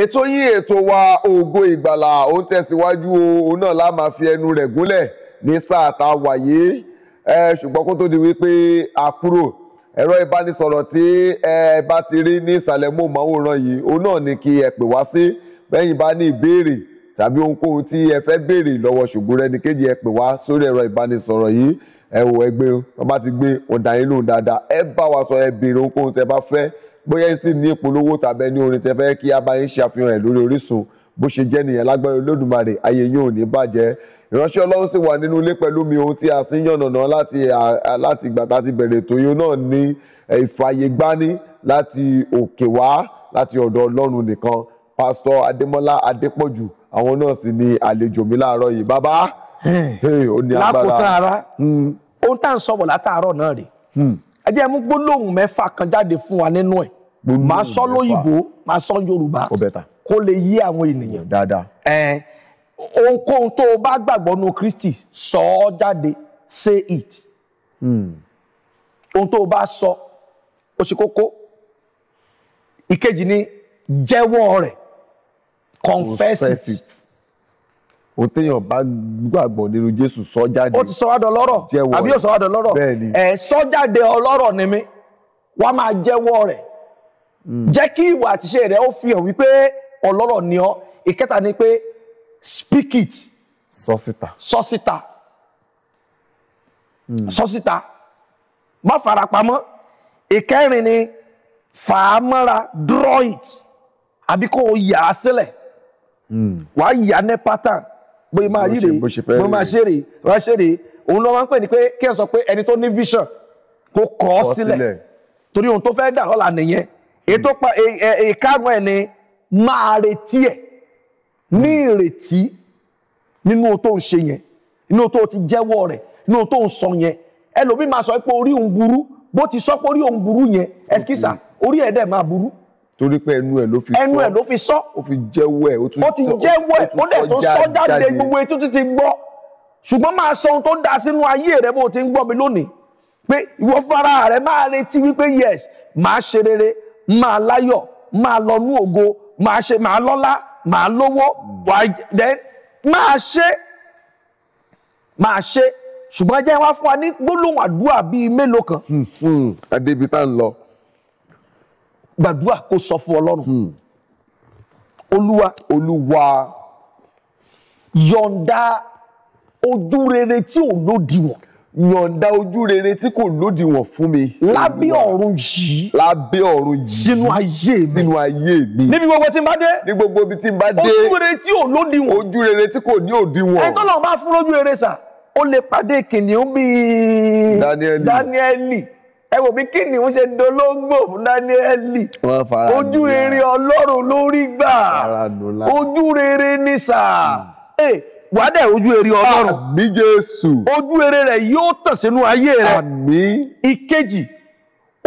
ètò yín ètò wa ògo ìgbàlà ó ń tẹ̀síwájú òun náà la máa fi ẹnu rẹ̀ gúnlẹ̀ ní sáà tá a wà yìí ṣùgbọ́n kó tó di wípé a kúrò ẹ̀rọ ìbánisọ̀rọ̀ tí ẹ bá ti rí ní ìsàlẹ̀ mọ́ọ̀mọ́wòrán yìí òun náà ni kí ẹ pè wá sí bẹ́yìn bá ní ìbéèrè tàbí ohunkóhun tí ẹ fẹ́ béèrè lọ́wọ́ Ṣògorẹ́níkejì ẹ pè wá sórí ẹ̀rọ ìbánisọ̀rọ̀ yìí ẹ wò ẹ wọn bá ti gbé ọ̀dà yín lóhùn dáadáa ẹ bá wa sọ ẹ béèrè ohunkóhun tẹ bá fẹ́ bóyá ẹ sì ní ìpolówó tàbẹ́ ní orin tẹ fẹ́ kí a bá yín ṣe àfihàn ẹ̀ lórí Orísun bó ṣe jẹ́ nìyẹn lágbára Olódùmarè ayé yín ò ní bàjẹ́ ìránṣẹ́ Ọlọ́run sì wà nínú ilé pẹ̀lú mi ohun tí a sì ń yànnàná láti ìgbà tá a ti bẹ̀rẹ̀ ètò yìí náà ní ìfàyègbani láti òkè wá láti ọ̀dọ̀ Ọlọ́run nìkan pásítọ̀ Adémọ́lá Adépọ̀jù àwọn náà sì ni àlejò mi láàárọ̀ yìí bàbá ó ní agbára lákòótán ara hmm. ohun tá à ń sọ̀rọ̀ látàárọ̀ náà rè hmm. ẹ jẹ́ mú gbólóhùn mẹ́fà kan jáde fún wa nínú ẹ̀ máa sọ lóyìnbó máa sọ yorùbá kó lè yí àwọn ènìyàn dáadáa ohunkóhun tó o bá gbàgbọ́ nu kristi sọ ọ́ jáde say it hmm. ohun tó o bá sọ ó ṣe kókó ìkejì ni jẹ́wọ́ rẹ̀ confess it. it ohun téèyàn bá gbàgbọ́ nínú jésù sọ jáde. ó ti sọ wá dọ lọ́rọ̀ àbí yóò sọ wá dọ lọ́rọ̀ ẹ̀ sọ jáde ọlọ́rọ̀ ni mí wàá máa jẹ́wọ́ rẹ̀ jẹ́ kí ìwà àtiṣe rẹ̀ ó fi hàn wípé ọlọ́rọ̀ ni ọ́ ìkẹta ni pé speak it sọ́síta sọ́síta sọ́síta má farapamọ́ ìkẹrin ni fàámọ́ra draw it àbí kó o yà á sílẹ̀ hmm. wàá yà ní pattern bóyá máa rí rèé bóyá máa ṣe rèé máa ṣe rèé òun ló máa ń pè ní pé kí ẹ sọ pé ẹni tó ní vision kó kọ́ ọ sílẹ̀ torí ohun tó fẹ́ dà lọ́la nìyẹn ètò ìkarùn ẹ̀ ni máa retí ẹ̀ ní ìrètí nínú tó ń ṣe yẹn nínú tó ti jẹ́wọ́ rẹ̀ nínú tó ń sọ yẹn ẹlòmíì máa sọ pé orí òun burú bó ti sọ pé orí òun burú yẹn ẹskísà mm-hmm. orí ẹ̀ dẹ̀ máa burú torí pé ẹnu ẹ ló fi sọ ẹnu ẹ ló fi sọ ó fi jẹ́wọ́ ẹ ó tún sọ ó ó dẹ̀ tó sọ jáde gbogbo etí tó ti gbọ́ ṣùgbọ́n máa sọ ohun tó da sínú ayé rẹ bó ti ń gbọ́ mi lónìí pé ìwọ fara rẹ máa retí wípé yes màá ṣe rere máa láyọ̀ máa lọ́nú ògo máa ṣe máa lọ́lá máa lówó hmm. máa ṣe máa ṣe ṣùgbọ́n jẹ́ wá fún wa ní gbólóhùn àdúrà bíi mélòó kan. adébí hmm, hmm. tá ń lọ. gbàdúrà kó sọ fún ọlọ́run. olúwa. olúwa. yọ̀ǹda ojú rere tí ò lódiwọ̀n yọ̀ǹda ojú rere tí kò lódiwọ̀n fún mi. lábẹ́ ọ̀run yìí. lábẹ́ ọ̀run yìí. sínú ayé mi. sínú ayé mi. níbi gbogbo tí n bá dé. ní gbogbo ibi tí n bá dé. ojú rere tí ò lódiwọ̀n. ojú rere tí kò ní òdiwọ̀n. ẹ tọ́lọ̀ bá fún lójú rere sà ó lè pàdé kìnìún bíi. danieli danieli ẹ wò bí kìnìún ṣe dolóńgbò fún danieli. wọ́n fara nù. ojú rere ọlọ́run lórí gbà. ojú rere ni sà. Mm wàá dẹ̀ ojú eré ọlọ́run àmì jésù ojú eré rẹ̀ yóò tàn sínú ayé rẹ̀ àmì ìkejì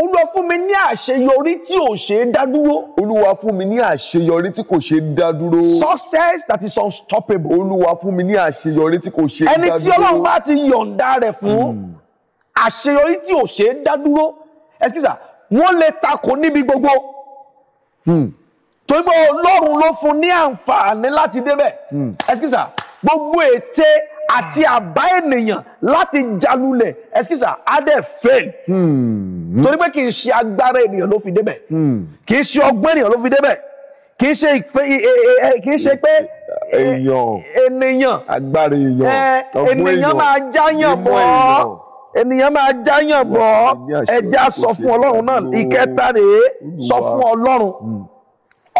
olúwa fún mi ní àṣeyọrí tí ò ṣe é dá dúró. olúwa fún mi ní àṣeyọrí tí kò ṣe é dá dúró. success that is unstoppable. olúwa fún mi ní àṣeyọrí tí kò ṣe é dá dúró. ẹni tí ọlọ́run bá ti yọ̀ǹda rẹ̀ fún hmm. àṣeyọrí tí ò ṣe é dá dúró ẹ̀sìkìsà wọ́n lè takò níbi gbogbo. Hmm torí pé ọlọ́run ló fún ní àǹfààní láti débẹ̀ ẹsikísà hmm. gbogbo ète àti àbá ènìyàn láti jalulẹ̀ ẹsikísà adé fail hmm. torí pé kì í ṣe agbára ènìyàn ló fi débẹ̀ hmm. kì í ṣe ọgbọ́n ènìyàn ló fi débẹ̀ kì í ṣe ìfẹ́ kì í ṣe pé ènìyàn agbára èèyàn ọgbọ́n èèyàn ènìyàn máa jáyàn bọ́ ènìyàn máa jáyàn bọ́ ẹja sọ fún ọlọ́run náà ìkẹta rèé sọ fún ọlọ́run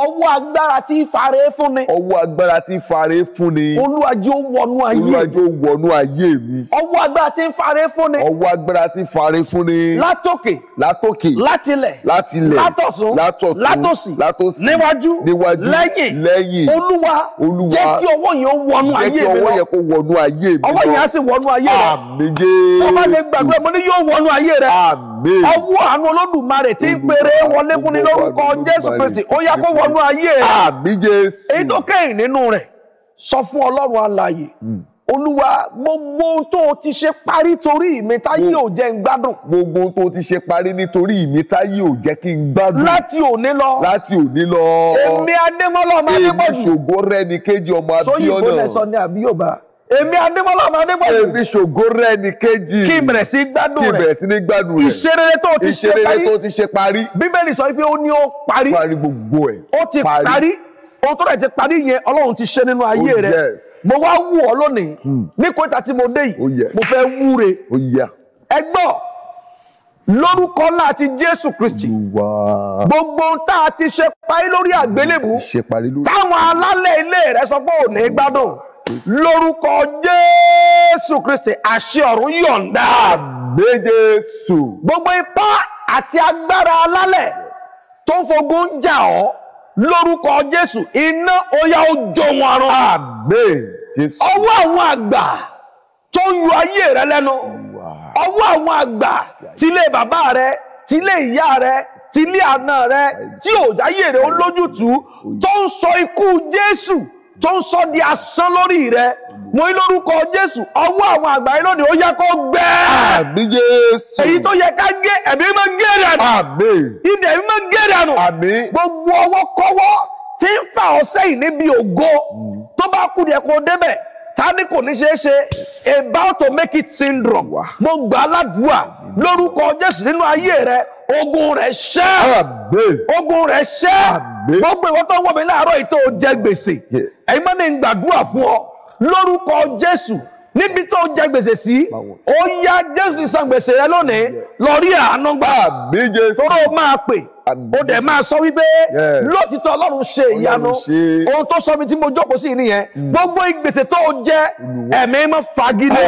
ọwọ́ agbára tí fàárẹ̀ fún ni. ọwọ́ agbára tí fàárẹ̀ fún ni. olúwàjú wọnú ayé. olúwàjú wọnú ayé mi. ọwọ́ agbára tí fàárẹ̀ fún ni. ọwọ́ agbára tí fàárẹ̀ fún ni. látòkè. látòkè. látilẹ̀. látilẹ̀. látọ̀sùn. látọ̀tún. látòsì. látòsì. níwájú. níwájú. lẹ́yìn. lẹ́yìn. olúwa. olúwa jẹ́ kí ọwọ́ yẹn wọnú ayé mi lọ. jẹ́ kí ọwọ́ yẹn kó wọnú ayé mi lọ. ọwọ́ yẹn á sì ayé rẹ. àmì jésù. ọba lè gbàgbé mo wọnú ayé rẹ. àmì ọwọ́ àánú olódùmarè tí ń pèrè wọlé fún ni lórúkọ jésù kristi ó yá kó wọnú ayé rẹ̀ èyí tó kẹ́yìn nínú rẹ̀ sọ fún ọlọ́run alààyè hmm. olúwa gbogbo ohun tó o ti ṣe parí torí mi táyé hmm. ò jẹ́ n gbádùn. gbogbo ohun tó o ti ṣe parí nítorí mi táyé ò jẹ́ kí n gbádùn. láti òní lọ. láti òní lọ. èmi adémọ́lá ọmọ adépọ̀jù. èmi ṣògo rẹ ni kejì ọmọ abíọ́nà. sóyìnbó lẹ sọ ní àbí èmi adébọ́lá ọmọ adébọ́lá. èmi ṣògo rẹ ni kejì. kí bẹ̀rẹ̀ sí gbádùn rẹ̀ kí bẹ̀rẹ̀ sí ní gbádùn rẹ̀. ìṣerere tó ti ṣe parí ìṣerere tó ti ṣe parí. bíbélì sọ pé ó ní ó parí. parí gbogbo ẹ̀. ó ti parí ohun tó rẹ̀ ti parí yẹn ọlọ́run ti ṣe nínú ayé oh, rẹ̀. mo wá wù ọ́ lónìí hmm. ní kóta tí mo dé yìí oh, mo fẹ́ wúre. Oh, ẹ gbọ́ lórúkọ láti jésù kristi gbogbo tá a ti ṣe parí lórí àgbélébù táwọn alálẹ̀ ilé rẹ̀ sọ pé ò ní gbádùn lórúkọ jésù kristi àṣẹ ọ̀run yọ̀ǹda. àgbé jésù. gbogbo ipá àti agbára alálẹ̀ tó ń fogun jà ọ́ lórúkọ jésù iná oya ó jó wọn run. àgbé jésù. ọwọ́ àwọn àgbà tó ń yọ ayé rẹ lẹ́nu ọwọ́ àwọn àgbà tilé bàbá rẹ tilé ìyá rẹ tilé àna rẹ tí ò dáyé rẹ ó tó ń sọ ikú jésù tó ń sọ di asán lórí rẹ mo ní lórúkọ jésù ọwọ́ àwọn àgbáyé lónìí ó yẹ kó gbẹ. àbí jésù. èyí tó yẹ ká gé ẹ̀mí mọ́ gé dànù. àbí. ìdè mi mọ́ gé dànù. àbí. gbogbo ọwọ́ kọ́wọ́ tí ń fà ọ́ sẹ́yìn níbi ògo tó bá kú ni ẹ kó débẹ̀ ta kò ní ṣeé ṣe about to make it syndrome mo gbà á ládùúgbà lórúkọ jésù nínú ayé rẹ ogun rẹ ṣẹ ogun rẹ ṣẹ gbogbo ìwọ tó ń wọ mi láàárọ̀ ìtò jẹ gbèsè ẹ̀yin máa ń gbàdúrà fún ọ lórúkọ jésù níbi tó jẹ gbèsè sí ó yá jésù san gbèsè rẹ lónìí lọ rí àánú gbà tóró máa pè ó dẹ̀ máa sọ wípé lótìtọ́ ọlọ́run ṣe ìyanu ohun tó sọ mi tí mo jókòó sí nìyẹn mm. gbogbo ìgbèsè tó jẹ ẹ̀mí máa fagilé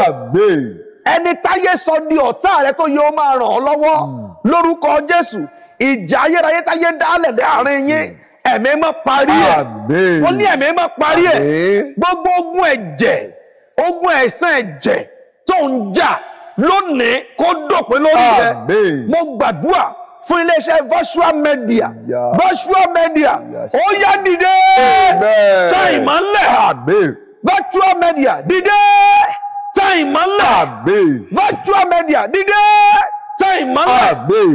ẹni táyé sọ di ọ̀tá rẹ tó yẹ ó máa ràn ọ́ lọ́wọ́ hmm. lórúkọ jésù ìjà ayérayé táyé dálẹ̀ láàrin yín ẹ̀mí mọ́ parí ẹ̀ wọ́n ní ẹ̀mí mọ́ parí ẹ̀ gbogbo ogun ẹ̀jẹ̀ ogun ẹ̀san ẹ̀jẹ̀ tó ń jà lónìí kó dópin lórí rẹ mo gbàdúrà fún iléeṣẹ́ virtual media virtual media ó yá dìde tá ìmọ̀ ńlẹ̀ virtual media dìde. Time, tẹ́ ìmọ́lẹ̀ virtual media dídé tẹ́ ìmọ́lẹ̀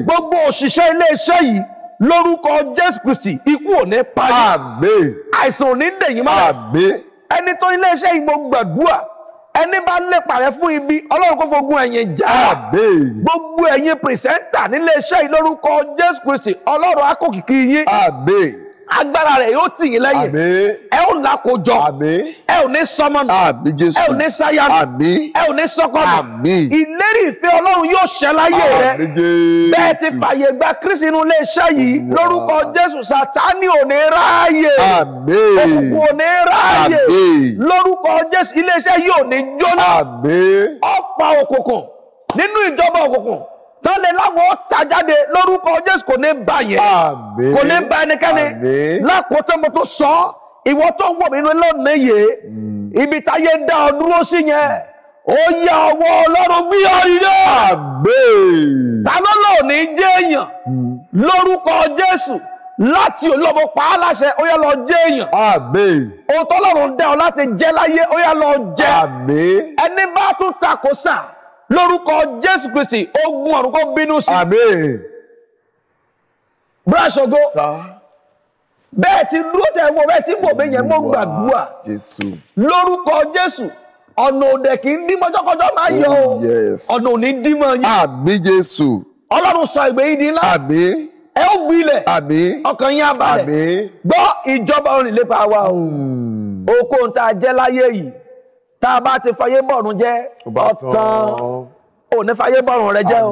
gbogbo òṣìṣẹ́ iléeṣẹ́ yìí lórúkọ Jésù Kristi ikú ò ní pa yín àìsàn ò ní dẹ̀yìn mọ́lẹ̀ ẹni tó iléeṣẹ́ yìí mo gbàdúrà ẹni bá lépa rẹ fún ibi ọlọ́run kó fogun ẹ̀yìn jà gbogbo ẹ̀yin pìrìsẹ́ńtà nílé iṣẹ́ yìí lórúkọ jésù kristi ọlọ́run á kó kìkì yín agbára rẹ̀ yóò tì yín lẹ́yìn ẹ ò lákojọ ẹ ò ní sọmọnù ẹ ò ní sáyánù ẹ ò ní sọkọnù ìlérí ìfẹ́ ọlọ́run yóò ṣẹ láyé rẹ bẹ́ẹ̀ ti fàyè gba kristi inú iléeṣẹ́ yìí lórúkọ jésù sátánì ò ní ráàyè òkùnkùn ò ní ráàyè lórúkọ jésù iléeṣẹ́ yìí ò jóná ọ̀fà òkùnkùn nínú ìjọba òkùnkùn tọ́lẹ̀ láwọn ta jáde lórúkọ jésù kò ní bá yẹn kò ní bá ẹnikẹ́ni lákòótọ́ mo tó sọ ìwọ tó ń wọ̀ mí lónìí yìí mm. ibi táyé ń dá ọ dúró sí yẹn ó yá ọwọ́ ọlọ́run gbé ọ dìde ta ló lò ní jẹ́ èèyàn mm. lórúkọ jésù láti olóbó pa á láṣẹ ó yá lọ jẹ́ èèyàn dá ọ láti jẹ́ láyé ó yá lọ jẹ́ ẹni bá tún takò sáà. lórúkọ jésù kristi ogun ọ̀run bínú sí. àmín. brashogo bẹ́ẹ̀ ti dúró wọ bẹ́ẹ̀ mo lórúkọ jésù ọ̀nà òdẹ kì í dín mọ́jọ́kọ́jọ́ máa yọ o oh, ọ̀nà òní dín jésù. ọlọ́run sọ ìgbé yín di ńlá. àmín. ẹ ó gbilẹ̀. àmín. ọkàn yín o. Hmm. ta jẹ́ láyé yìí. tá a bá ti fayé bọ̀rùn jẹ́ ọ̀tàn ò ní fayé bọ̀rùn rẹ jẹ́ o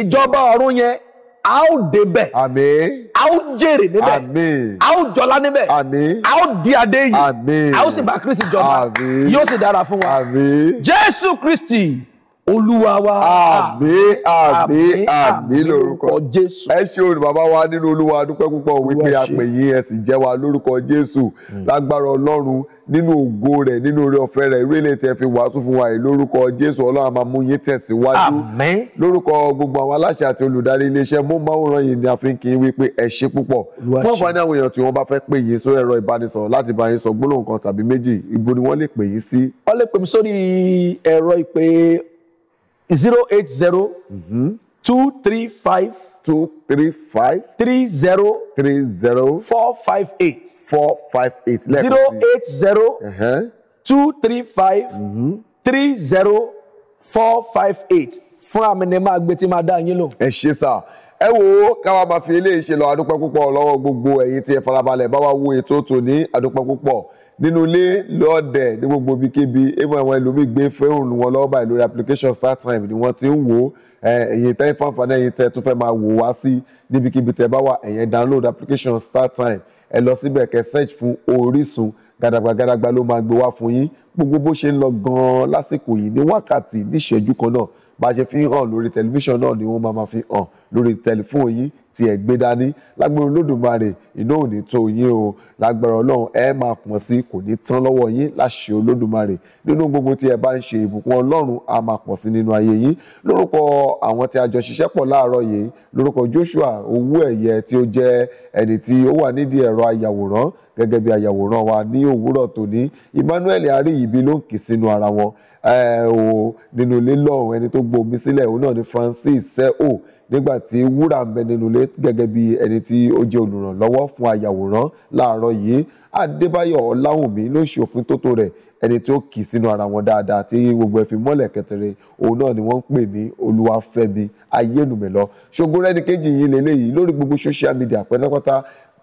ìjọba ọ̀run yẹn a ó débẹ̀ a ó jèrè níbẹ̀ a ó jọlá níbẹ̀ a ó di adé yìí a ó sì bá Kristi jọba yóò sì dára fún wa Jésù Kristi olúwa wa àmín àmín àmín lórúkọ jésù ẹ ṣe òun bàbá wa nínú olúwa dúpẹ́ púpọ̀ wípé a pè yín ẹ sì jẹ́ wa lórúkọ jésù hmm. lágbára ọlọ́run nínú ògo rẹ̀ nínú oore ọ̀fẹ́ rẹ̀ ìrèlè tẹ́ fi wàásù fún wa yìí lórúkọ jésù ọlọ́run àmà mú yín tẹ̀síwájú àmín lórúkọ gbogbo àwọn aláṣẹ àti olùdarí iléeṣẹ́ móhùnmáwòrán yìí ni a fi ń kí wípé ẹ ṣe púpọ̀ fún àǹfààní àwọn èèyàn tí wọ́n bá fẹ́ pè yín sórí ẹ̀rọ ìbánisọ̀rọ̀ láti bá yín sọ gbólóhùn kan tàbí méjì ibo ni lè pè yín sí. wọ́n lè pè mí sórí ẹ̀rọ ìpè zero eight zero two three five two three five three zero three zero four five eight four five eight zero eight zero two three five three zero four five eight fúnra mi ni máa gbé tí máa dá yín lò. ẹ ṣe sá ẹ wo káwa máa fi eléyìí ṣe lọ adúpẹ́ púpọ̀ lọ́wọ́ gbogbo ẹ̀yin tí ẹ farabalẹ̀ bá wa wo ètò tòní adúpẹ́ púpọ̀ nínú ilé lọ́ọ̀dẹ̀ ní gbogbo ibikíbi even àwọn ẹlòmíì gbé fẹ́ràn wọn lọ́wọ́ báyìí lórí application start time ni wọ́n ti ń wò ó ẹ̀yin tẹ́ fàǹfààní ẹ̀yin tẹ́ tún fẹ́ máa wò wá sí níbikíbi tẹ́ bá wà ẹ̀yin download application start time ẹ lọ síbẹ̀ kẹ́ search fún Orísun gàdàgbà gàdàgbà ló máa gbé wá fún yín gbogbo bó ṣe ń lọ gan-an lásìkò yìí ní wákàtí níṣẹ́jú kan náà bá a ṣe fi hàn lórí tẹlifíṣàn náà ni wọ́n máa ma fi hàn lórí tẹlifóònù yìí tí ẹ gbé dání lágbára olódùmarè iná ò ní tó yín o lágbára ọlọ́run ẹ máa pọ̀n sí kò ní tán lọ́wọ́ yín láṣẹ olódùmarè nínú gbogbo tí ẹ bá ń ṣe ìbùkún ọlọ́run a máa pọ̀n sí nínú ayé yín lórúkọ àwọn tí a jọ ṣiṣẹ́ pọ̀ láàárọ̀ yìí lórúkọ Joshua owó ẹ̀yẹ tí ó jẹ́ ẹni tí ó wà nídìí ẹ̀rọ ayàwòrán gẹ́gẹ́ bí ayàwòrán wa ní òwúrọ̀ Emmanuel Ariyi ibi ló ń kì sínú ara wọn o nínú ilé lọ́hùn ẹni tó gbòmí sílẹ̀ òun náà ni Francis seo nígbà tí wúrà ń bẹ nínú ilé gẹ́gẹ́ bí ẹni tí ó jẹ́ olùrànlọ́wọ́ fún ayàwòrán láàárọ̀ yìí Adébáyọ̀ Ọláwùmí ló ṣe òfin tótó rẹ̀ ẹni tí ó kì í sínú ara wọn dáadáa tí gbogbo ẹ̀ fi mọ́lẹ̀ kẹtẹrẹ òun náà ni wọ́n ń pè ní Olúwafẹ́mi ayélujára ṣògùn ẹnìkejì yìí lélẹ́yìí lórí gbogbo social media pátápátá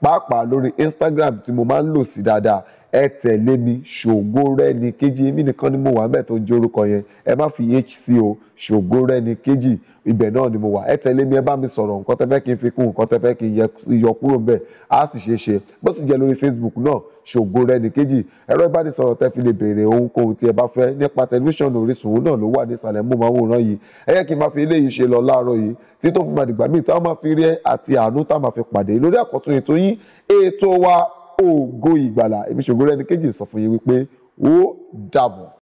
pàápàá lórí Instagram tí mo máa ń lò sí dáadáa ẹ tẹ̀lé mi Ṣògorẹ́níkejì èmi nìkan ni mo wà mẹ́ẹ̀ tó ń jẹ́ orúkọ yẹn ẹ má fi HCO Ṣògorẹ́níkejì ibẹ̀ náà ni mo wà ẹ tẹ̀lé mi ẹ bá mi sọ̀rọ̀ nǹkan tẹ́fẹ́ kí n fi kún nǹkan tẹ́fẹ́ kí n yọ kúrò ńbẹ̀ á sì ṣeé ṣe bó sì jẹ́ lórí Facebook náà Ṣògorẹ́níkejì ẹ̀rọ ìbánisọ̀rọ̀ tẹ́ fi lè béèrè ohunkóhun tí ẹ bá fẹ́ nípa tẹlifíṣàn Orísun náà ló wà nísàlẹ̀ mú màwòrán yìí ẹ yẹ kí n máa fi eléyìí ṣe lọ láàárọ̀ yìí tí tó fún madìgbà míì táwọn máa fi rí ẹ àti àánú táwọn máa fi pàdé lórí àkọ́tún ètò yín ètò wa ògo ìgbàlà èmi ṣògo rẹ̀ ní kejì sọ fún yín wípé ó dàbọ̀.